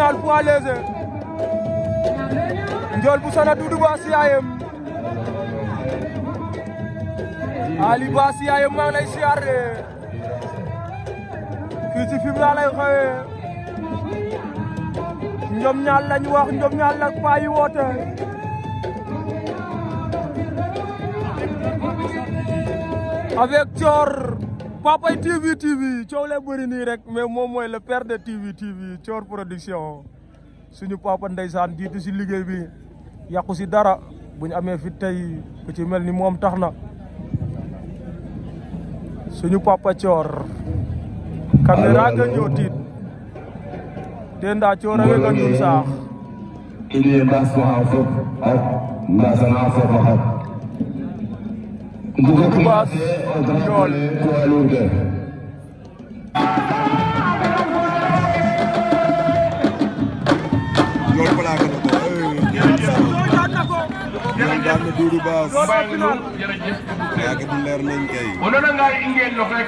finale poids léger Ndiol bu Sana Doudou Ba siyaayam Ali Ba siyaayam maa lay siyaar fii ci Fimela lay xëyee ñoom ñaar woote avec Dior Papay TV TV coow lee bëri nii rek mais moom mooy le père de TV TV Thior production suñu papa ndeysaan jiitu si liggéey bi yàqu si dara bu ñu amee fit tey ku ci mel ni moom tax na suñu papa Thior caméra ga ñoo tiit te ndaa Thior awee ga ñun saax Kubas Ndiol Ndiol plaqué na ko Ndiol daan na Doudou Bass yaakaar leer nañ kay